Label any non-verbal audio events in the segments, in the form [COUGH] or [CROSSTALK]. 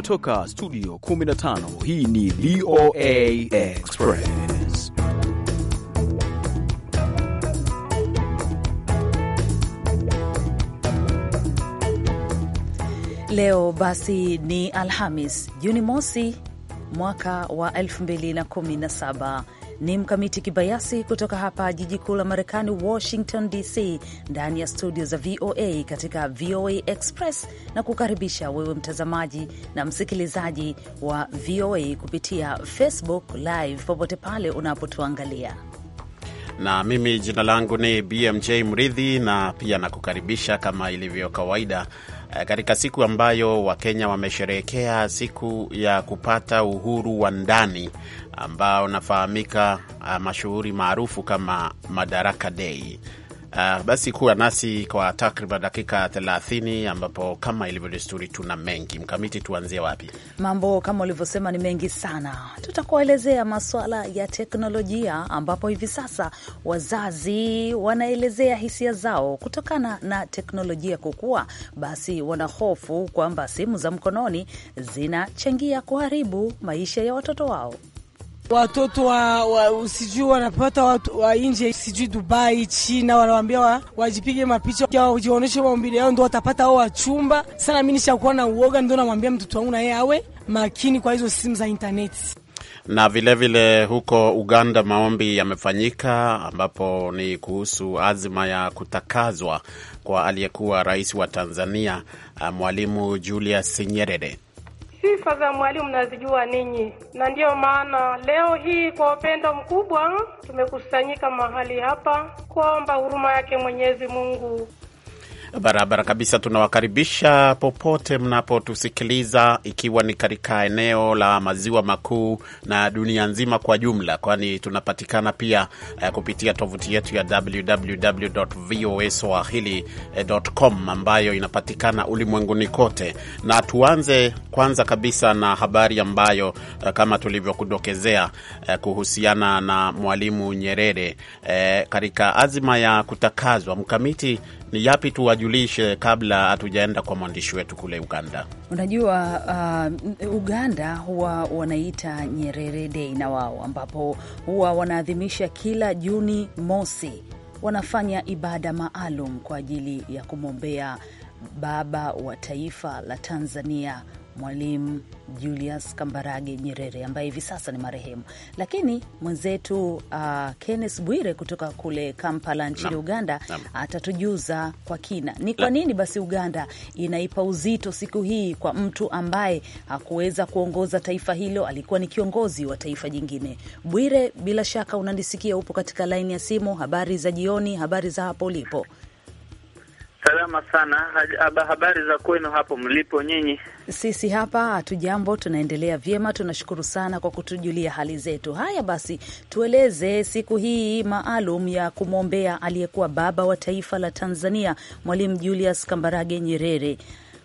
kutoka studio 15 hii ni VOA Express leo basi ni alhamis juni mosi mwaka wa 2017 ni Mkamiti Kibayasi kutoka hapa jiji kuu la Marekani, Washington DC, ndani ya studio za VOA katika VOA Express na kukaribisha wewe mtazamaji na msikilizaji wa VOA kupitia Facebook Live popote pale unapotuangalia na mimi jina langu ni BMJ Mridhi, na pia nakukaribisha kama ilivyo kawaida Eh, katika siku ambayo Wakenya wamesherehekea siku ya kupata uhuru wa ndani ambao unafahamika eh, mashuhuri maarufu kama Madaraka Day. Uh, basi kuwa nasi kwa takriban dakika 30 ambapo kama ilivyo desturi tuna mengi mkamiti. Tuanzie wapi? Mambo kama ulivyosema ni mengi sana. Tutakuelezea masuala ya teknolojia, ambapo hivi sasa wazazi wanaelezea hisia zao kutokana na teknolojia kukua. Basi wanahofu kwamba simu za mkononi zinachangia kuharibu maisha ya watoto wao watoto wa, wa sijui wanapata watu wa nje sijui Dubai, China, wanawambia wa, wajipige mapicha wajionyeshe maumbile yao ndo watapata ao wachumba sana. Mi nishakuwa na uoga, ndo namwambia mtoto wangu naye awe makini kwa hizo simu za intaneti na vilevile vile huko Uganda maombi yamefanyika, ambapo ni kuhusu azima ya kutakazwa kwa aliyekuwa rais wa Tanzania ah, Mwalimu Julius Nyerere. Sifa za mwalimu mnazijua ninyi, na ndiyo maana leo hii kwa upendo mkubwa tumekusanyika mahali hapa kuomba huruma yake Mwenyezi Mungu barabara kabisa. Tunawakaribisha popote mnapotusikiliza, ikiwa ni katika eneo la maziwa makuu na dunia nzima kwa jumla, kwani tunapatikana pia uh, kupitia tovuti yetu ya www swahilicom ambayo inapatikana ulimwenguni kote. Na tuanze kwanza kabisa na habari ambayo uh, kama tulivyokudokezea uh, kuhusiana na Mwalimu Nyerere uh, katika azima ya kutakazwa mkamiti ni yapi tuwajulishe kabla hatujaenda kwa mwandishi wetu kule Uganda? Unajua uh, Uganda huwa wanaita Nyerere Day na wao, ambapo huwa wanaadhimisha kila Juni mosi, wanafanya ibada maalum kwa ajili ya kumwombea baba wa taifa la Tanzania Mwalimu Julius Kambarage Nyerere ambaye hivi sasa ni marehemu. Lakini mwenzetu uh, Kenneth Bwire kutoka kule Kampala nchini Uganda atatujuza kwa kina ni kwa nini basi Uganda inaipa uzito siku hii kwa mtu ambaye hakuweza kuongoza taifa hilo, alikuwa ni kiongozi wa taifa jingine. Bwire, bila shaka unanisikia, upo katika laini ya simu. Habari za jioni, habari za hapo ulipo. Salama sana. Habari za kwenu hapo mlipo nyinyi? Sisi hapa hatujambo, tunaendelea vyema. Tunashukuru sana kwa kutujulia hali zetu. Haya basi, tueleze siku hii maalum ya kumwombea aliyekuwa baba wa taifa la Tanzania, Mwalimu Julius Kambarage Nyerere.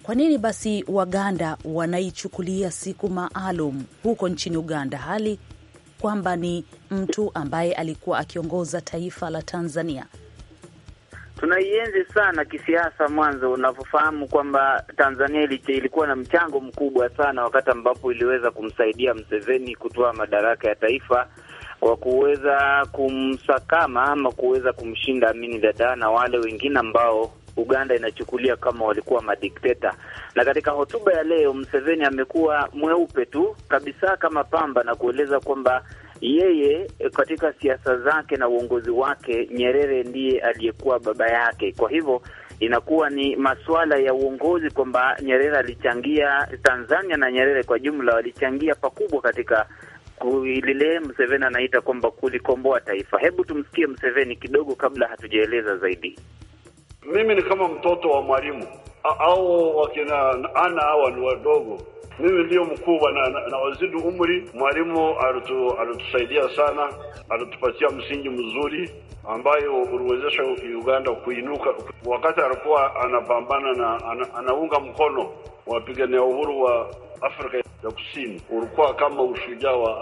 Kwa nini basi Waganda wanaichukulia siku maalum huko nchini Uganda, hali kwamba ni mtu ambaye alikuwa akiongoza taifa la Tanzania? tunaienzi sana kisiasa. Mwanzo unavyofahamu kwamba Tanzania ilikuwa na mchango mkubwa sana wakati ambapo iliweza kumsaidia Mseveni kutoa madaraka ya taifa kwa kuweza kumsakama ama kuweza kumshinda Amini Dada na wale wengine ambao Uganda inachukulia kama walikuwa madikteta. Na katika hotuba ya leo, Mseveni amekuwa mweupe tu kabisa kama pamba na kueleza kwamba yeye eh, katika siasa zake na uongozi wake, Nyerere ndiye aliyekuwa baba yake. Kwa hivyo inakuwa ni masuala ya uongozi kwamba Nyerere alichangia, Tanzania na Nyerere kwa jumla walichangia pakubwa katika lile Mseveni anaita kwamba kulikomboa taifa. Hebu tumsikie Mseveni kidogo kabla hatujaeleza zaidi. Mimi ni kama mtoto wa mwalimu au wakina ana hawa ni wadogo mimi ndiyo mkubwa na, na, na wazidi umri. Mwalimu alitusaidia sana, alitupatia msingi mzuri ambayo uliwezesha Uganda kuinuka wakati alikuwa anapambana na ana, anaunga mkono wapigania uhuru wa Afrika ya Kusini. Ulikuwa kama ushujaa wa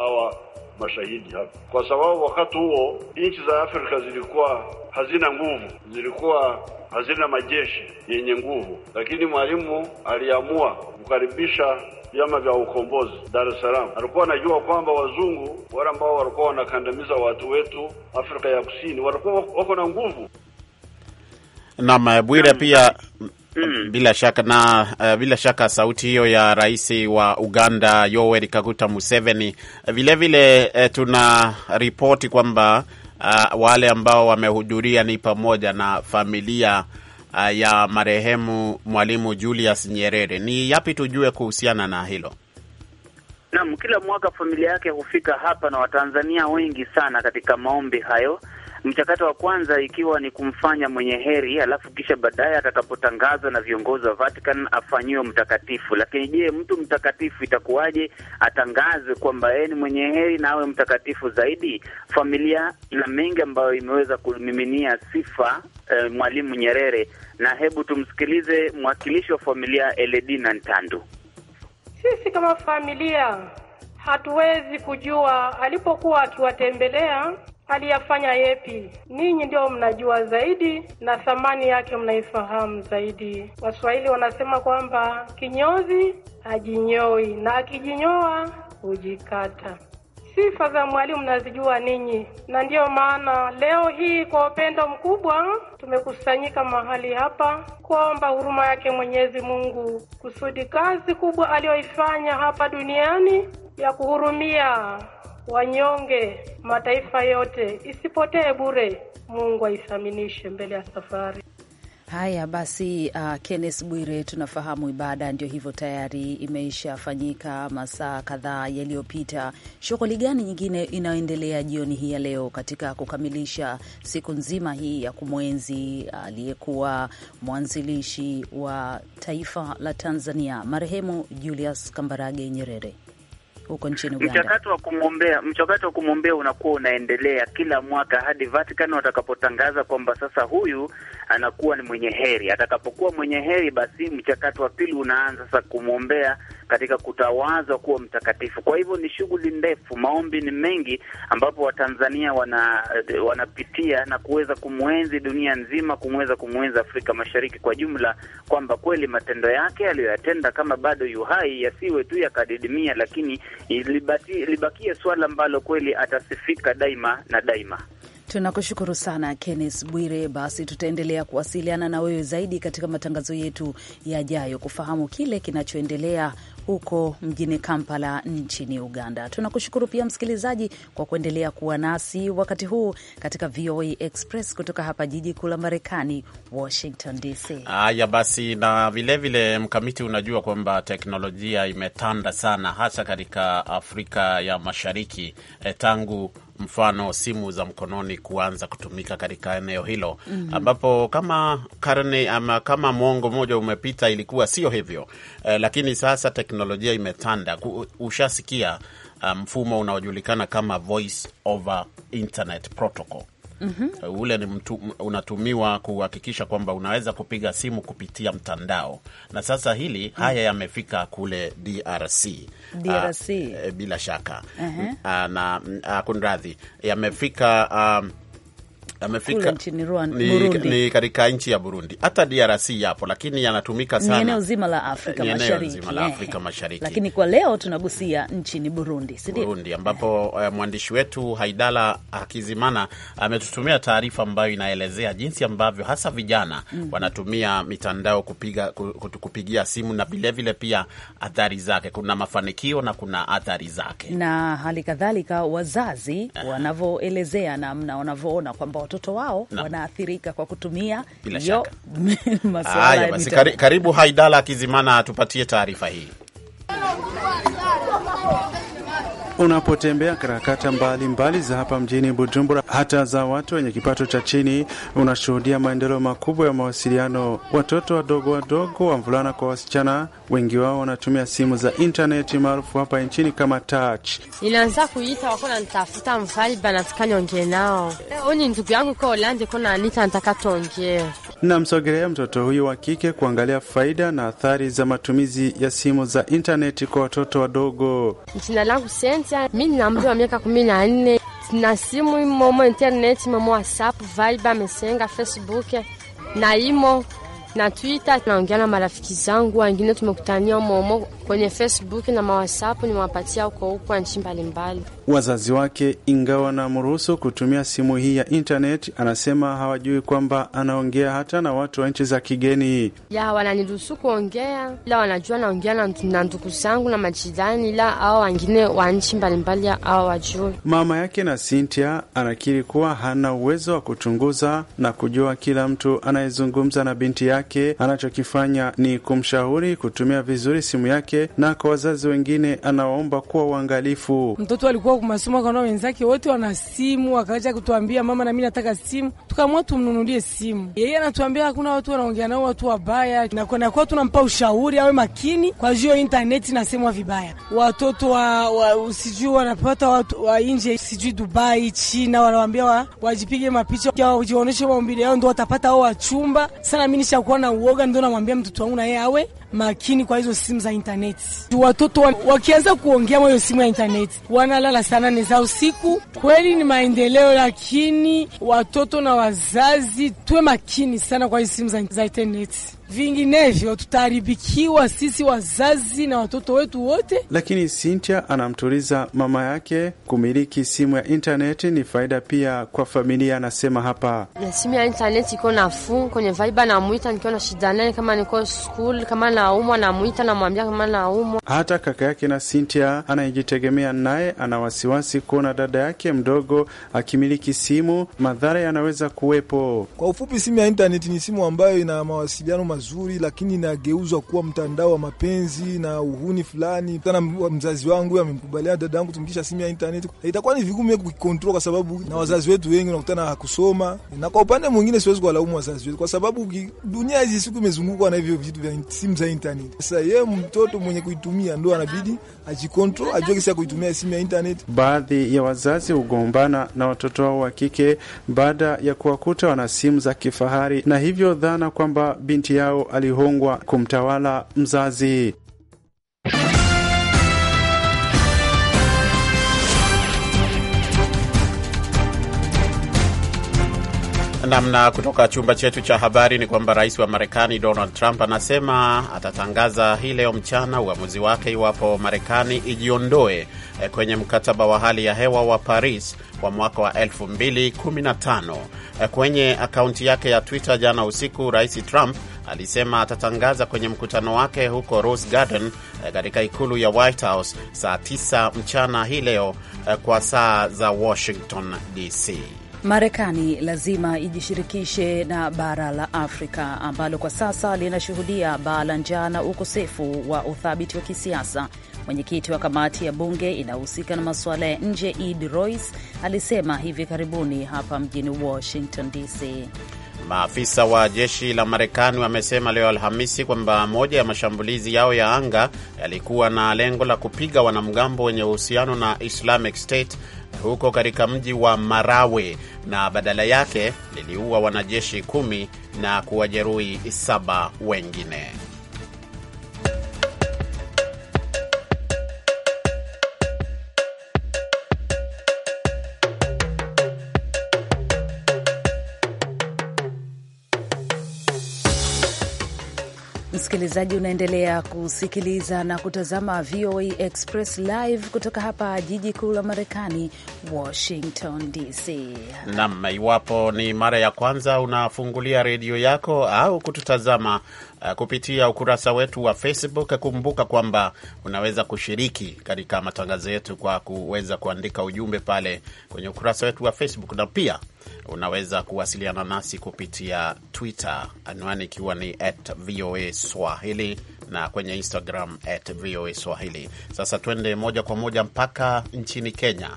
mashahidi hapa, kwa sababu wakati huo nchi za Afrika zilikuwa hazina nguvu, zilikuwa hazina majeshi yenye nguvu, lakini Mwalimu aliamua kukaribisha vyama vya ukombozi Dar es Salaam. Alikuwa anajua kwamba wazungu wale ambao walikuwa wanakandamiza watu wetu Afrika ya Kusini walikuwa wako na nguvu. Naam, Bwire pia Mm. Bila shaka na uh, bila shaka sauti hiyo ya rais wa Uganda Yoweri Kaguta Museveni. Vilevile vile, uh, tuna ripoti kwamba uh, wale ambao wamehudhuria ni pamoja na familia uh, ya marehemu Mwalimu Julius Nyerere. Ni yapi tujue kuhusiana na hilo? Naam, kila mwaka familia yake hufika hapa na Watanzania wengi sana katika maombi hayo Mchakato wa kwanza ikiwa ni kumfanya mwenye heri, alafu kisha baadaye atakapotangazwa na viongozi wa Vatican afanyiwe mtakatifu. Lakini je, mtu mtakatifu itakuwaje? Atangazwe kwamba yeye ni mwenye heri na awe mtakatifu zaidi? Familia ina mengi ambayo imeweza kumiminia sifa e, Mwalimu Nyerere, na hebu tumsikilize mwakilishi wa familia Eledina Ntandu. Sisi kama familia hatuwezi kujua alipokuwa akiwatembelea aliyafanya yepi? Ninyi ndio mnajua zaidi na thamani yake mnaifahamu zaidi. Waswahili wanasema kwamba kinyozi hajinyoi na akijinyoa hujikata. Sifa za mwalimu nazijua ninyi, na ndiyo maana leo hii kwa upendo mkubwa tumekusanyika mahali hapa kuomba huruma yake Mwenyezi Mungu kusudi kazi kubwa aliyoifanya hapa duniani ya kuhurumia wanyonge, mataifa yote, isipotee bure. Mungu aithaminishe mbele ya safari. Haya basi, uh, Kennes Bwire, tunafahamu ibada ndio hivyo tayari imeishafanyika masaa kadhaa yaliyopita. Shughuli gani nyingine inayoendelea jioni hii ya leo katika kukamilisha siku nzima hii ya kumwenzi uh, aliyekuwa uh, mwanzilishi wa taifa la Tanzania marehemu Julius Kambarage Nyerere? huko nchini Uganda. Mchakato wa kumwombea, mchakato wa kumwombea unakuwa unaendelea kila mwaka hadi Vatican watakapotangaza kwamba sasa huyu anakuwa ni mwenye heri. Atakapokuwa mwenye heri, basi mchakato wa pili unaanza sasa kumwombea katika kutawazwa kuwa mtakatifu. Kwa hivyo ni shughuli ndefu, maombi ni mengi, ambapo Watanzania wana, wanapitia na kuweza kumwenzi dunia nzima, kumweza kumwenzi Afrika Mashariki kwa jumla, kwamba kweli matendo yake aliyoyatenda kama bado yu hai yasiwe tu yakadidimia, lakini libakie swala ambalo kweli atasifika daima na daima. Tunakushukuru sana Kenneth Bwire. Basi tutaendelea kuwasiliana na wewe zaidi katika matangazo yetu yajayo kufahamu kile kinachoendelea huko mjini Kampala nchini Uganda. Tunakushukuru pia msikilizaji kwa kuendelea kuwa nasi wakati huu katika VOA Express kutoka hapa jiji kuu la Marekani, Washington DC. Haya basi, na vilevile vile Mkamiti, unajua kwamba teknolojia imetanda sana hasa katika Afrika ya Mashariki eh, tangu mfano simu za mkononi kuanza kutumika katika eneo hilo mm -hmm. ambapo kama karne ama kama mwongo mmoja umepita ilikuwa sio hivyo eh, lakini sasa teknolojia imetanda. Ushasikia ah, mfumo um, unaojulikana kama voice over internet protocol mm -hmm. Ule ni mtu, unatumiwa kuhakikisha kwamba unaweza kupiga simu kupitia mtandao, na sasa hili mm -hmm. haya yamefika kule DRC, DRC. A, ah, e, eh, bila shaka uh -huh. a, ah, na ah, kunradhi yamefika um, amefika nchini Burundi, ni katika nchi ya Burundi, hata DRC yapo, lakini yanatumika sana eneo zima la Afrika Mashariki, la Afrika eh, Mashariki. Lakini kwa leo tunagusia nchini Burundi, si ndio? Burundi ambapo uh, mwandishi wetu Haidala Hakizimana ametutumia taarifa ambayo inaelezea jinsi ambavyo hasa vijana mm -hmm. wanatumia mitandao kupiga, kupigia simu na vilevile pia athari zake. Kuna mafanikio na kuna athari zake, na hali kadhalika wazazi wanavyoelezea namna wanavyoona kwamba watoto wao na wanaathirika kwa kutumia hiyo [LAUGHS] masuala ya Karibu Haidala Kizimana atupatie taarifa hii unapotembea karakata mbalimbali za hapa mjini Bujumbura, hata za watu wenye kipato cha chini, unashuhudia maendeleo makubwa ya mawasiliano. Watoto wadogo wadogo, wavulana kwa wasichana, wengi wao wanatumia simu za intaneti maarufu hapa nchini kama touch. Nilianza kuita wako nanitafuta, mfali banataka niongee nao, ni ndugu yangu kwa olande kona anita nataka tuongee Namsogelea mtoto huyu wa kike kuangalia faida na athari za matumizi ya simu za intaneti kwa watoto wadogo. Jina langu Sent, Christian. Mimi nina umri wa miaka kumi na nne na simu imomo, internet imomo, WhatsApp, Viber, amesenga Facebook na imo na Twitter. Naongea na marafiki zangu wengine tumekutania momo kwenye Facebook na mawhasapu nimewapatia uko huko nchi mbalimbali. Wazazi wake ingawa na mruhusu kutumia simu hii ya internet, anasema hawajui kwamba anaongea hata na watu wa nchi za kigeni. Ya wananiruhusu kuongea, ila wanajua naongea na ndugu zangu na majirani, ila au wengine wa nchi mbalimbali au wajui. Mama yake na Cynthia anakiri kuwa hana uwezo wa kuchunguza na kujua kila mtu anayezungumza na binti yake. Anachokifanya ni kumshauri kutumia vizuri simu yake wake na kwa wazazi wengine, anawaomba kuwa uangalifu. Mtoto alikuwa kumasomo akaona wenzake wote wana simu, akaja kutuambia mama, nami nataka simu, tukamua tumnunulie simu. Yeye anatuambia hakuna watu wanaongea nao, watu wabaya, nakuwa tunampa ushauri awe makini kwa juu intaneti nasemwa vibaya, watoto wa, wa sijui wanapata watu wa nje sijui Dubai, China, wanawambia wa, wajipige mapicha wajionyeshe maumbile yao, ndo watapata ao wachumba sana. Mi nishakuwa na uoga, ndo namwambia mtoto wangu na yeye awe makini kwa hizo simu za intaneti. Watoto wakianza kuongea mwa hiyo simu ya intaneti, wanalala sana ni za usiku. Kweli ni maendeleo, lakini watoto na wazazi tuwe makini sana kwa hizo simu za intaneti vinginevyo tutaharibikiwa sisi wazazi na watoto wetu wote. Lakini Sintia anamtuliza mama yake, kumiliki simu ya intaneti ni faida pia kwa familia. Anasema hapa ya simu ya intaneti iko nafuu kwenye vaiba, namwita nikiwa na shida naye, kama niko skul, kama naumwa namwita, namwambia kama naumwa. Hata kaka yake na Sintia anayejitegemea naye ana wasiwasi kuona dada yake mdogo akimiliki simu, madhara yanaweza kuwepo. Kwa ufupi, simu ya intaneti ni simu ambayo ina mawasiliano mazuri mazuri, lakini inageuzwa kuwa mtandao wa mapenzi na uhuni fulani. Tena mzazi wangu amemkubalia dada yangu tumkisha simu ya intaneti, itakuwa ni vigumu kuikontrol kwa sababu na wazazi wetu wengi unakutana hakusoma, na kwa upande mwingine siwezi kuwalaumu wazazi wetu kwa sababu dunia hizi siku imezungukwa na hivyo vitu vya simu za intaneti. Sasa yeye mtoto mwenye kuitumia ndo anabidi ajikontrol, ajue kisi ya kuitumia simu ya internet. Baadhi ya wazazi hugombana na watoto wao wa kike baada ya kuwakuta wana simu za kifahari, na hivyo dhana kwamba binti yao alihongwa kumtawala mzazi. namna kutoka chumba chetu cha habari ni kwamba rais wa Marekani Donald Trump anasema atatangaza hii leo mchana uamuzi wake iwapo Marekani ijiondoe eh, kwenye mkataba wa hali ya hewa wa Paris wa mwaka wa 2015. Eh, kwenye akaunti yake ya Twitter jana usiku, rais Trump alisema atatangaza kwenye mkutano wake huko Rose Garden eh, katika ikulu ya White House saa 9 mchana hii leo kwa saa za Washington DC. Marekani lazima ijishirikishe na bara la Afrika ambalo kwa sasa linashuhudia baa la njaa na ukosefu wa uthabiti wa kisiasa. Mwenyekiti wa kamati ya bunge inayohusika na masuala ya nje Ed Royce alisema hivi karibuni hapa mjini Washington DC. Maafisa wa jeshi la Marekani wamesema leo Alhamisi kwamba moja ya mashambulizi yao ya anga yalikuwa na lengo la kupiga wanamgambo wenye uhusiano na Islamic State huko katika mji wa marawe na badala yake liliua wanajeshi kumi na kuwajeruhi saba wengine. msikilizaji, unaendelea kusikiliza na kutazama VOA Express live kutoka hapa jiji kuu la Marekani, Washington DC. Nam, iwapo ni mara ya kwanza unafungulia redio yako au kututazama Uh, kupitia ukurasa wetu wa Facebook. Kumbuka kwamba unaweza kushiriki katika matangazo yetu kwa kuweza kuandika ujumbe pale kwenye ukurasa wetu wa Facebook, na pia unaweza kuwasiliana nasi kupitia Twitter, anwani ikiwa ni at VOA Swahili na kwenye Instagram at VOA Swahili. Sasa twende moja kwa moja mpaka nchini Kenya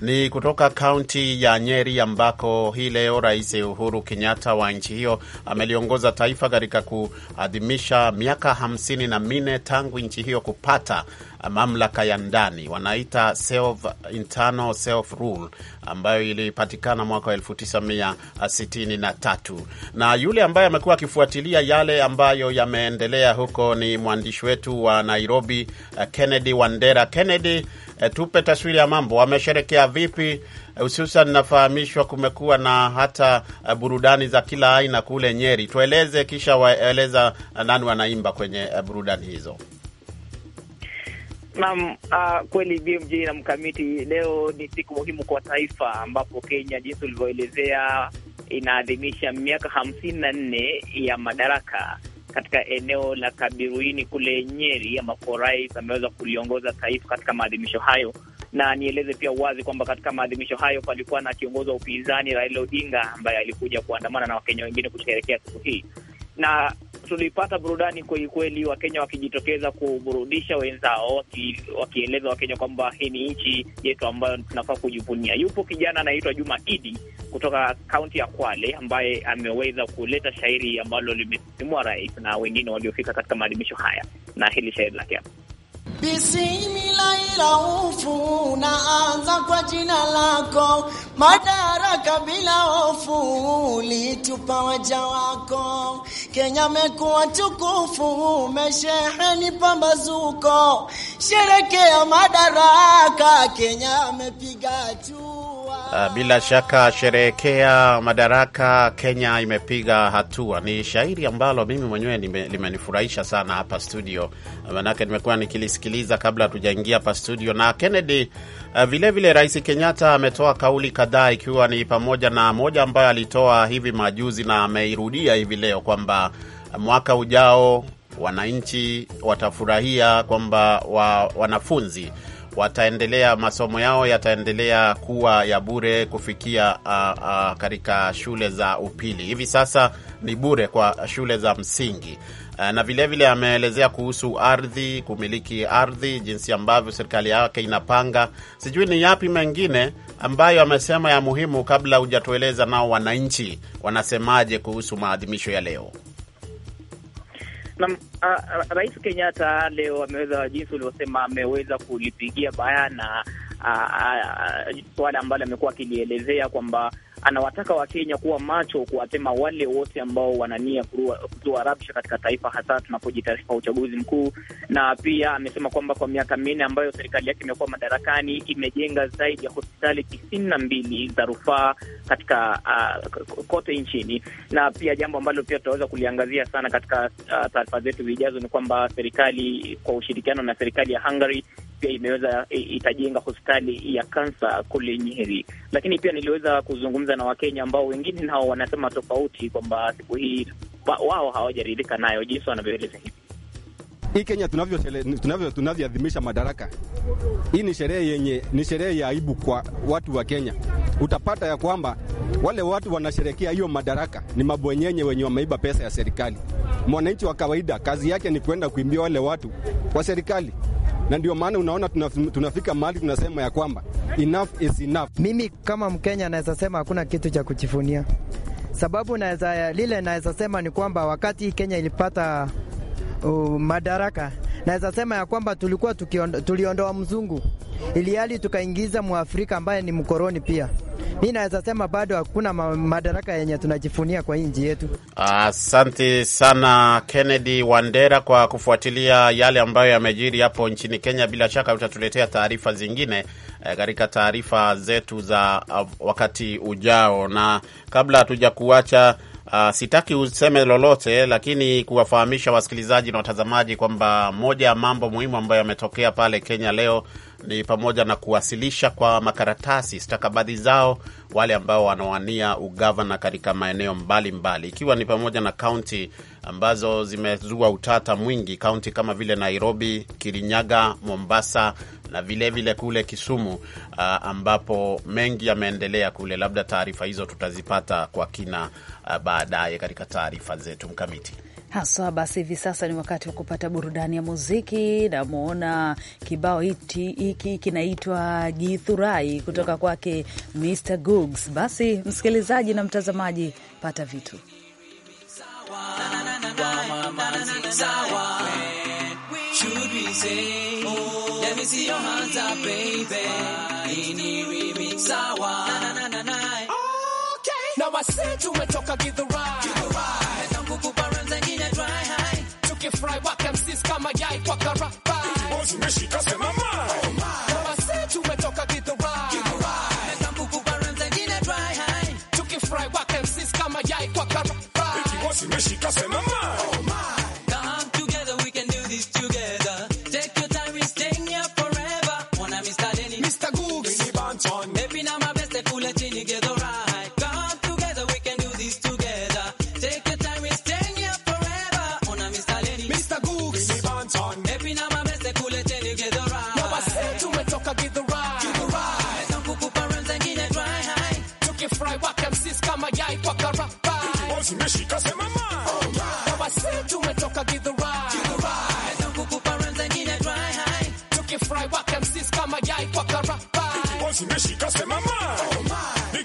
ni kutoka kaunti ya Nyeri ambako hii leo Rais Uhuru Kenyatta wa nchi hiyo ameliongoza taifa katika kuadhimisha miaka hamsini na minne tangu nchi hiyo kupata Uh, mamlaka ya ndani wanaita self, internal self rule ambayo ilipatikana mwaka wa 1963 na yule ambaye amekuwa akifuatilia yale ambayo yameendelea huko ni mwandishi wetu wa Nairobi uh, Kennedy Wandera. Kennedy, uh, tupe taswira ya mambo, wamesherekea vipi? Hususan nafahamishwa kumekuwa na hata burudani za kila aina kule Nyeri. Tueleze, kisha waeleza nani wanaimba kwenye burudani hizo. Naam, uh, kweli BMJ na mkamiti, leo ni siku muhimu kwa taifa ambapo Kenya jinsi ulivyoelezea inaadhimisha miaka hamsini na nne ya madaraka katika eneo la Kabiruini kule Nyeri, ambapo rais ameweza kuliongoza taifa katika maadhimisho hayo. Na nieleze pia wazi kwamba katika maadhimisho hayo palikuwa na kiongozi wa upinzani Raila Odinga ambaye alikuja kuandamana na Wakenya wengine kusherehekea siku hii na tulipata burudani kwelikweli, Wakenya wakijitokeza kuburudisha wenzao, wakieleza Wakenya kwamba hii ni nchi yetu ambayo tunafaa kujivunia. Yupo kijana anaitwa Juma Idi kutoka kaunti ya Kwale ambaye ameweza kuleta shairi ambalo limesisimua rais na wengine waliofika katika maadhimisho haya, na hili shairi lake hapa Bismillahirrahmanirrahim, naanza kwa jina lako madaraka bila ofu ulitupa waja wako. Kenya mekuwa tukufu, mesheheni pambazuko, sherekea madaraka. Kenya amepiga juu Ah, bila shaka sherehekea madaraka, Kenya imepiga hatua. Ni shairi ambalo mimi mwenyewe limenifurahisha sana hapa studio, manake nimekuwa nikilisikiliza kabla hatujaingia hapa studio. Na Kennedy, vilevile ah, Rais Kenyatta ametoa kauli kadhaa, ikiwa ni pamoja na moja ambayo alitoa hivi majuzi na ameirudia hivi leo kwamba mwaka ujao wananchi watafurahia kwamba wa, wanafunzi wataendelea masomo yao yataendelea kuwa ya bure kufikia uh, uh, katika shule za upili. Hivi sasa ni bure kwa shule za msingi uh, na vilevile ameelezea kuhusu ardhi, kumiliki ardhi, jinsi ambavyo serikali yake inapanga. Sijui ni yapi mengine ambayo amesema ya muhimu, kabla hujatueleza nao wananchi wanasemaje kuhusu maadhimisho ya leo. Na, uh, Rais Kenyatta leo ameweza jinsi ulivyosema, ameweza kulipigia bayana uh, uh, swala ambalo amekuwa akilielezea kwamba anawataka Wakenya kuwa macho kuwatema wale wote ambao wanania kutoa rabsha katika taifa, hasa tunapojitarifa uchaguzi mkuu. Na pia amesema kwamba kwa miaka minne ambayo serikali yake imekuwa madarakani imejenga zaidi ya hospitali tisini na mbili za rufaa katika uh, kote nchini. Na pia jambo ambalo pia tutaweza kuliangazia sana katika uh, taarifa zetu zijazo ni kwamba serikali kwa ushirikiano na serikali ya Hungary pia imeweza itajenga hospitali ya kansa kule Nyeri. Lakini pia niliweza kuzungumza na Wakenya ambao wengine nao wanasema tofauti kwamba siku hii wao hawajaridhika nayo jinsi wanavyoeleza hivi hii Kenya tunavyoadhimisha tunavyo, tunavyo madaraka hii ni sherehe yenye ni sherehe ya aibu kwa watu wa Kenya. Utapata ya kwamba wale watu wanasherekea hiyo madaraka ni mabwenyenye wenye wameiba pesa ya serikali. Mwananchi wa kawaida kazi yake ni kwenda kuimbia wale watu wa serikali na ndio maana unaona tunafika mahali tunasema ya kwamba enough is enough. Mimi kama Mkenya naweza sema hakuna kitu cha kujivunia, sababu naweza lile naweza sema ni kwamba wakati Kenya ilipata uh, madaraka Naweza sema ya kwamba tulikuwa tuliondoa mzungu ili hali tukaingiza Mwafrika ambaye ni mkoroni pia. Mi naweza sema bado hakuna madaraka yenye tunajifunia kwa hii nchi yetu. Asante sana Kennedy Wandera kwa kufuatilia yale ambayo yamejiri hapo nchini Kenya. Bila shaka utatuletea taarifa zingine eh, katika taarifa zetu za ah, wakati ujao, na kabla hatuja kuacha Uh, sitaki useme lolote lakini kuwafahamisha wasikilizaji na watazamaji kwamba moja ya mambo muhimu ambayo yametokea pale Kenya leo ni pamoja na kuwasilisha kwa makaratasi stakabadhi zao wale ambao wanawania ugavana katika maeneo mbalimbali mbali, ikiwa ni pamoja na kaunti ambazo zimezua utata mwingi kaunti kama vile Nairobi, Kirinyaga, Mombasa na vilevile vile kule Kisumu uh, ambapo mengi yameendelea kule. Labda taarifa hizo tutazipata kwa kina uh, baadaye katika taarifa zetu mkamiti haswa. Basi hivi sasa ni wakati wa kupata burudani ya muziki. Namwona kibao hiki kinaitwa Githurai kutoka kwake Mr Googs. Basi msikilizaji na mtazamaji, pata vitu Should we say, let me see your hands up, baby. Ini remix hour. Okay. Now I tumetoka give the ride. Give the ride. Zangu kubara zengine dry high. Tukifry waka msis kama yai kwa karapa. Mbozi umeshika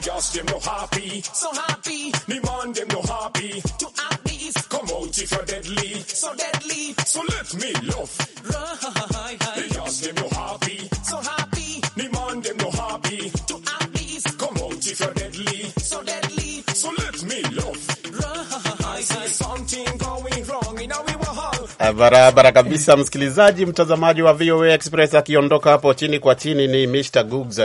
girls them no happy. So happy. Me man them no happy. To happy is come out if you're deadly. So deadly. So let me love. Right. Me girls them no happy. So happy. Me man them no happy. To happy is come out if you're deadly. So deadly. So let me love. Right. I see something going wrong in our ah, Barabara kabisa, msikilizaji mtazamaji wa VOA Express akiondoka hapo chini kwa chini, ni Mr Googs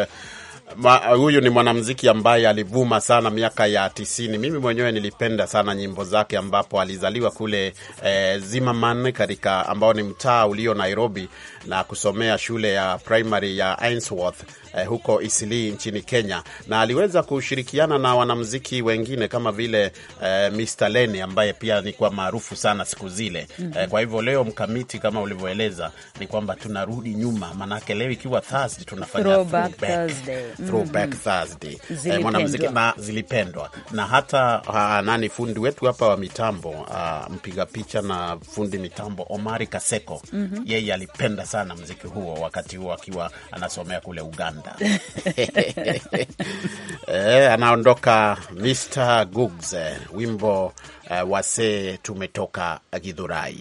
huyu ni mwanamziki ambaye alivuma sana miaka ya tisini. Mimi mwenyewe nilipenda sana nyimbo zake, ambapo alizaliwa kule e, Zimmerman katika ambao ni mtaa ulio Nairobi na kusomea shule ya primary ya Ainsworth eh, huko Isili nchini Kenya, na aliweza kushirikiana na wanamuziki wengine kama vile eh, Mr Lenny ambaye pia ni kwa maarufu sana siku zile mm -hmm. eh, kwa hivyo leo mkamiti, kama ulivyoeleza, ni kwamba tunarudi nyuma, maanake leo ikiwa Thursday tunafanya throwback Thursday, throwback mhm. Thursday eh, mwanamuziki na zilipendwa na hata ha, ah, nani fundi wetu hapa wa mitambo ha, ah, mpiga picha na fundi mitambo Omari Kaseko mm -hmm. yeye alipenda sana muziki huo wakati huo akiwa anasomea kule Uganda. Uganda. [LAUGHS] Eh, anaondoka Mr Googs, eh, wimbo uh, eh, wasee tumetoka Githurai.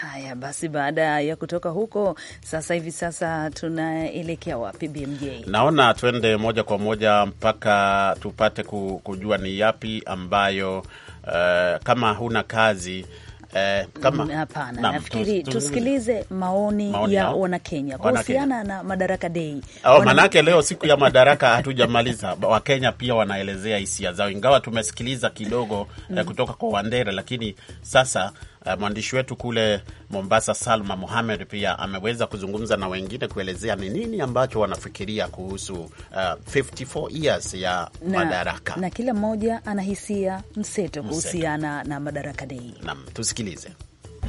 Haya basi, baada ya kutoka huko sasa hivi sasa tunaelekea wapi BMJ? Naona tuende moja kwa moja mpaka tupate kujua ni yapi ambayo, uh, kama huna kazi Eh, kama mm, hapana, nafikiri tusikilize maoni, maoni ya Wanakenya kuhusiana na Madaraka Day. Oh, wana... manake leo siku ya Madaraka hatujamaliza. Wakenya pia wanaelezea hisia zao, ingawa tumesikiliza kidogo eh, mm, eh, kutoka kwa Wandera, lakini sasa Eh, mwandishi wetu kule Mombasa Salma muhamed pia ameweza kuzungumza na wengine kuelezea ni nini ambacho wanafikiria kuhusu uh, eh, 54 years ya na, madaraka na kila mmoja anahisia mseto kuhusiana na Madaraka Dei. Naam, tusikilize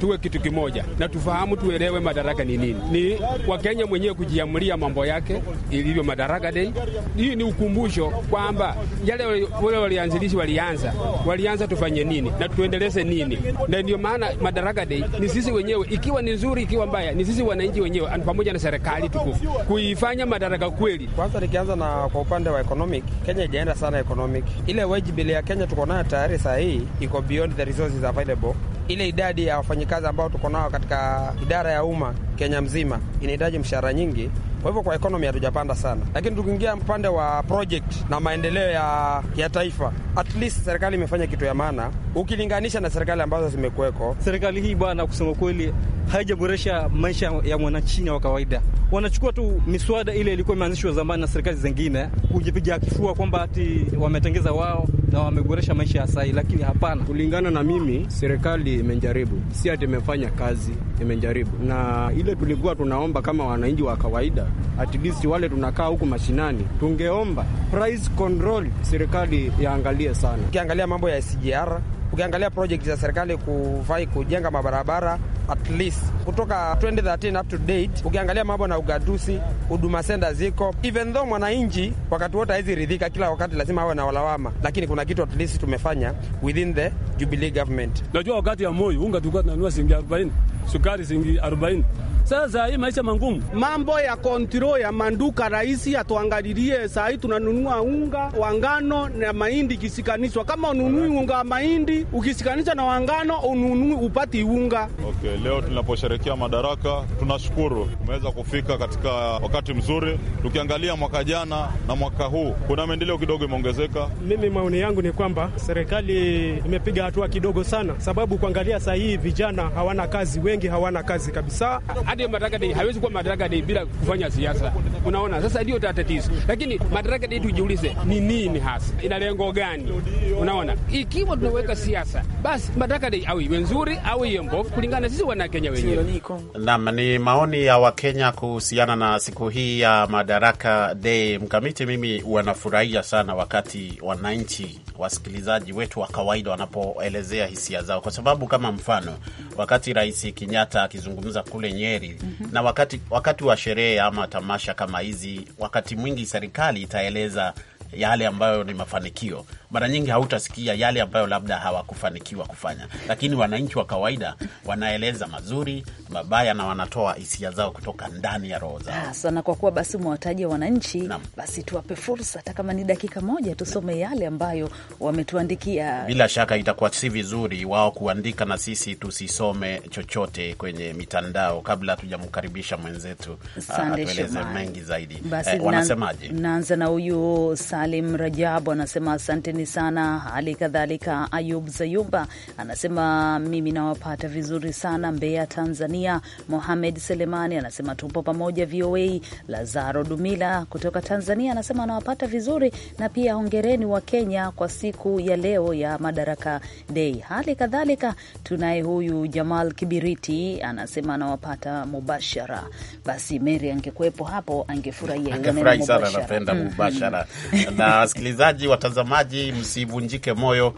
tuwe kitu kimoja na tufahamu, tuelewe madaraka ni nini. Ni Wakenya mwenyewe kujiamulia mambo yake ilivyo madaraka dei. Hii ni ukumbusho kwamba yale wale walianzilishi walianza walianza, tufanye nini na tuendeleze nini, na ndio maana madaraka dei ni sisi wenyewe, ikiwa ni nzuri, ikiwa mbaya, ni sisi wananchi wenyewe pamoja na serikali tukufu kuifanya madaraka kweli. Kwanza nikianza na kwa upande wa economic, Kenya ijaenda sana economic, ile wage bill ya Kenya tuko nayo tayari saa hii iko beyond the resources available ile idadi ya wafanyikazi ambao tuko nao katika idara ya umma Kenya mzima inahitaji mshahara nyingi kwa hivyo kwa ekonomi hatujapanda sana, lakini tukiingia upande wa project na maendeleo ya, ya taifa, at least serikali imefanya kitu ya maana ukilinganisha na serikali ambazo zimekuweko. Serikali hii bwana, kusema kweli haijaboresha maisha ya mwanachina wa kawaida. Wanachukua tu miswada ile ilikuwa imeanzishwa zamani na serikali zingine, kujipiga kifua kwamba ati wametengeza wao na wameboresha maisha ya sahii, lakini hapana. Kulingana na mimi, serikali imejaribu, si ati imefanya kazi imejaribu, na ile tulikuwa tunaomba kama wananchi wa kawaida, at least wale tunakaa huku mashinani, tungeomba price control serikali yaangalie sana. Ukiangalia mambo ya SGR, ukiangalia project za serikali kuvai kujenga mabarabara at least kutoka 2013 up to date, ukiangalia mambo na ugadusi, huduma senda ziko even though mwananchi wakati wote hawezi ridhika, kila wakati lazima awe na walawama, lakini kuna kitu at least tumefanya within the Jubilee government. Najua wakati ya moyo unga tulikuwa tunanunua shilingi 40 sukari sun yi arba'in Sasa hii maisha mangumu, mambo ya kontrol ya manduka, rahisi atuangalilie. Saa hii tunanunua unga wa ngano na mahindi ikisikanishwa. Kama ununui unga wa mahindi ukisikanisha na wangano, ununui upati unga. Okay, leo tunaposherekea madaraka, tunashukuru tumeweza kufika katika wakati mzuri. Tukiangalia mwaka jana na mwaka huu, kuna maendeleo kidogo imeongezeka. Mimi maoni yangu ni kwamba serikali imepiga hatua kidogo sana, sababu kuangalia saa hii vijana hawana kazi, wengi hawana kazi kabisa hadi madaraka dei hawezi kuwa madaraka dei bila kufanya siasa. Unaona, sasa ndio tatatizo. Lakini madaraka dei tujiulize, ni nini hasa, ina lengo gani? Unaona, ikiwa tunaweka siasa, basi madaraka dei au iwe nzuri au iwe mbovu, kulingana sisi wana Kenya wenyewe. Naam, ni maoni ya Wakenya kuhusiana na siku hii ya madaraka dei. Mkamiti, mimi wanafurahia sana wakati wananchi, wasikilizaji wetu wa kawaida wanapoelezea hisia zao, kwa sababu kama mfano wakati Rais Kenyatta akizungumza kule Nyeri hivi mm -hmm. na wakati, wakati wa sherehe ama tamasha kama hizi, wakati mwingi serikali itaeleza yale ambayo ni mafanikio. Mara nyingi hautasikia yale ambayo labda hawakufanikiwa kufanya, lakini wananchi wa kawaida wanaeleza mazuri, mabaya na wanatoa hisia zao kutoka ndani ya roho zao. Hasa kwa kuwa basi umewataja wananchi na, basi tuwape fursa hata kama ni dakika moja tusome yale ambayo wametuandikia. Bila shaka itakuwa si vizuri wao kuandika na sisi tusisome chochote kwenye mitandao kabla hatujamkaribisha mwenzetu atueleze mengi zaidi. Basi eh, wanasemaje? Naanza na huyu Salim Rajabu anasema asanteni sana. Hali kadhalika Ayub Zayuba anasema mimi nawapata vizuri sana Mbeya, Tanzania. Mohamed Selemani anasema tupo pamoja VOA. Lazaro Dumila kutoka Tanzania anasema anawapata vizuri, na pia hongereni wa Kenya kwa siku ya leo ya Madaraka Dei. Hali kadhalika tunaye huyu Jamal Kibiriti anasema anawapata mubashara. Basi Meri angekuwepo hapo angefurahia. Angefurahi sana, mubashara [LAUGHS] na wasikilizaji, watazamaji, msivunjike moyo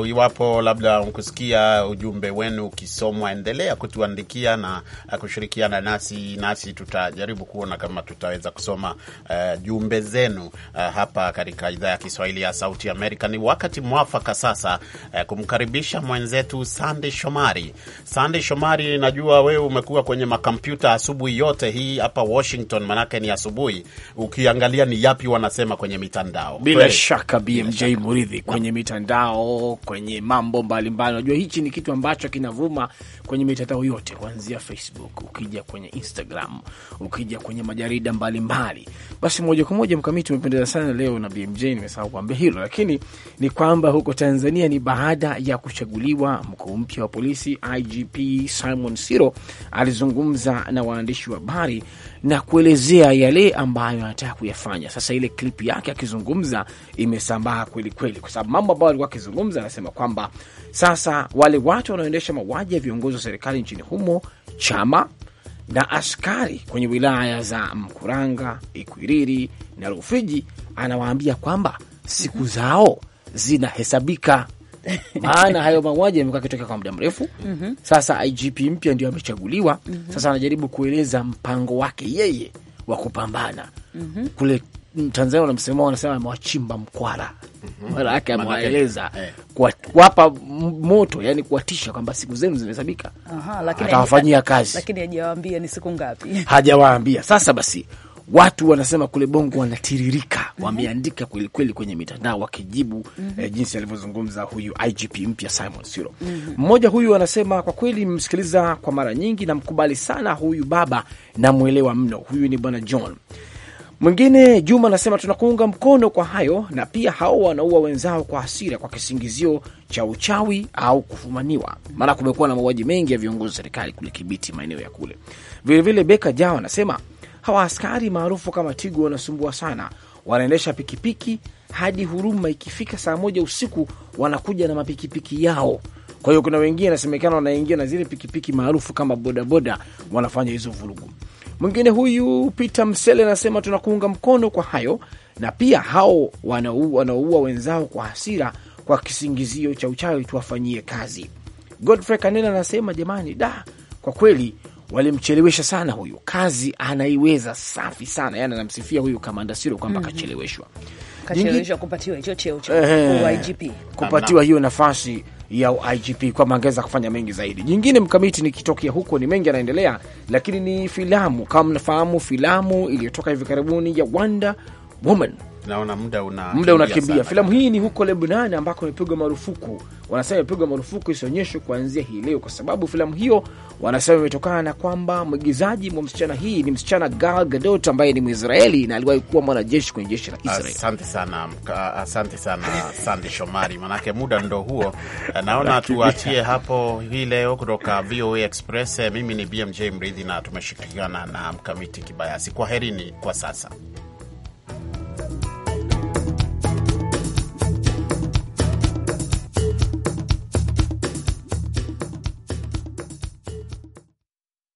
uh, iwapo labda mkusikia ujumbe wenu ukisomwa, endelea kutuandikia na kushirikiana nasi nasi, tutajaribu kuona kama tutaweza kusoma uh, jumbe zenu uh, hapa katika idhaa ya Kiswahili ya Sauti Amerika. Ni wakati mwafaka sasa uh, kumkaribisha mwenzetu Sande Shomari. Sande Shomari, najua wewe umekuwa kwenye makompyuta asubuhi yote hii hapa Washington, manake ni asubuhi, ukiangalia ni yapi wanasema kwenye kwenye mitandao. Bila Kwele shaka BMJ Muridhi, kwenye mitandao, kwenye mambo mbalimbali. Unajua hichi ni kitu ambacho kinavuma kwenye mitandao yote, kuanzia Facebook, ukija kwenye Instagram, ukija kwenye majarida mbalimbali mbali. Basi moja kwa moja mkamiti umependeza sana leo na BMJ, nimesahau kuambia hilo, lakini ni kwamba huko Tanzania ni baada ya kuchaguliwa mkuu mpya wa polisi IGP Simon Siro alizungumza na waandishi wa habari na kuelezea yale ambayo anataka kuyafanya. Sasa ile klipu yake yake akizungumza imesambaa kweli kweli, kwa sababu mambo ambayo alikuwa akizungumza, anasema kwamba sasa wale watu wanaoendesha mauaji ya viongozi wa serikali nchini humo, chama na askari kwenye wilaya za Mkuranga, Ikwiriri na Rufiji, anawaambia kwamba siku zao zinahesabika [LAUGHS] maana hayo mauaji yamekuwa akitokea kwa muda mrefu. mm -hmm. Sasa IGP mpya ndio amechaguliwa. mm -hmm. Sasa anajaribu kueleza mpango wake yeye wa kupambana mm -hmm. kule Tanzania wanamsema wanasema amewachimba mkwara, mhm. mara yake amewaeleza eh. kuwapa moto, yani kuwatisha kwamba siku zenu zimehesabika, atawafanyia kazi, lakini hajawaambia ni siku ngapi, [LAUGHS] hajawaambia. Sasa basi watu wanasema kule Bongo wanatiririka, mhm. wameandika kwelikweli kwenye mitandao wakijibu mm -hmm. eh, jinsi alivyozungumza huyu IGP mpya Simon Siro mhm. mmoja mm -hmm. huyu anasema kwa kweli, mmsikiliza kwa mara nyingi, namkubali sana huyu baba, namwelewa mno. Huyu ni bwana John Mwingine Juma anasema tunakuunga mkono kwa hayo, na pia hao wanaua wenzao kwa hasira kwa kisingizio cha uchawi au kufumaniwa, maana kumekuwa na mauaji mengi ya viongozi wa serikali kule Kibiti, maeneo ya kule. Vilevile Beka Jao anasema hawa askari maarufu kama Tigu wanasumbua sana, wanaendesha pikipiki hadi Huruma, ikifika saa moja usiku wanakuja na mapikipiki yao. Kwa hiyo kuna wengine inasemekana wanaingia na zile pikipiki maarufu kama bodaboda, wanafanya hizo vurugu. Mwingine huyu Peter Msele anasema tunakuunga mkono kwa hayo, na pia hao wanaoua wenzao kwa hasira kwa kisingizio cha uchawi tuwafanyie kazi. Godfrey Kanena anasema jamani, da, kwa kweli walimchelewesha sana huyu, kazi anaiweza safi sana. Yani anamsifia huyu Kamanda Siro kwamba mm -hmm. kacheleweshwa, kacheleweshwa kupatiwa hicho cheo cha IGP, kupatiwa hiyo nafasi ya IGP kwamba angeweza kufanya mengi zaidi. Jingine mkamiti, nikitokea huko, ni mengi yanaendelea, lakini ni filamu. Kama mnafahamu, filamu iliyotoka hivi karibuni ya Wonder Woman naona muda una muda unakimbia. Filamu hii ni huko Lebanon ambako imepigwa marufuku, wanasema imepigwa marufuku isionyeshwe kuanzia hii leo, kwa sababu filamu hiyo wanasema imetokana na kwamba mwigizaji mwa msichana hii ni msichana Gal Gadot ambaye ni Mwisraeli na aliwahi kuwa mwanajeshi kwenye jeshi la Israel. Asante sana, asante sana Sande Shomari, manake muda ndo huo. [LAUGHS] Naona tuachie hapo hii leo kutoka VOA Express. Mimi ni BMJ Mridhi na tumeshirikiana na Mkamiti Kibayasi. Kwaherini kwa sasa.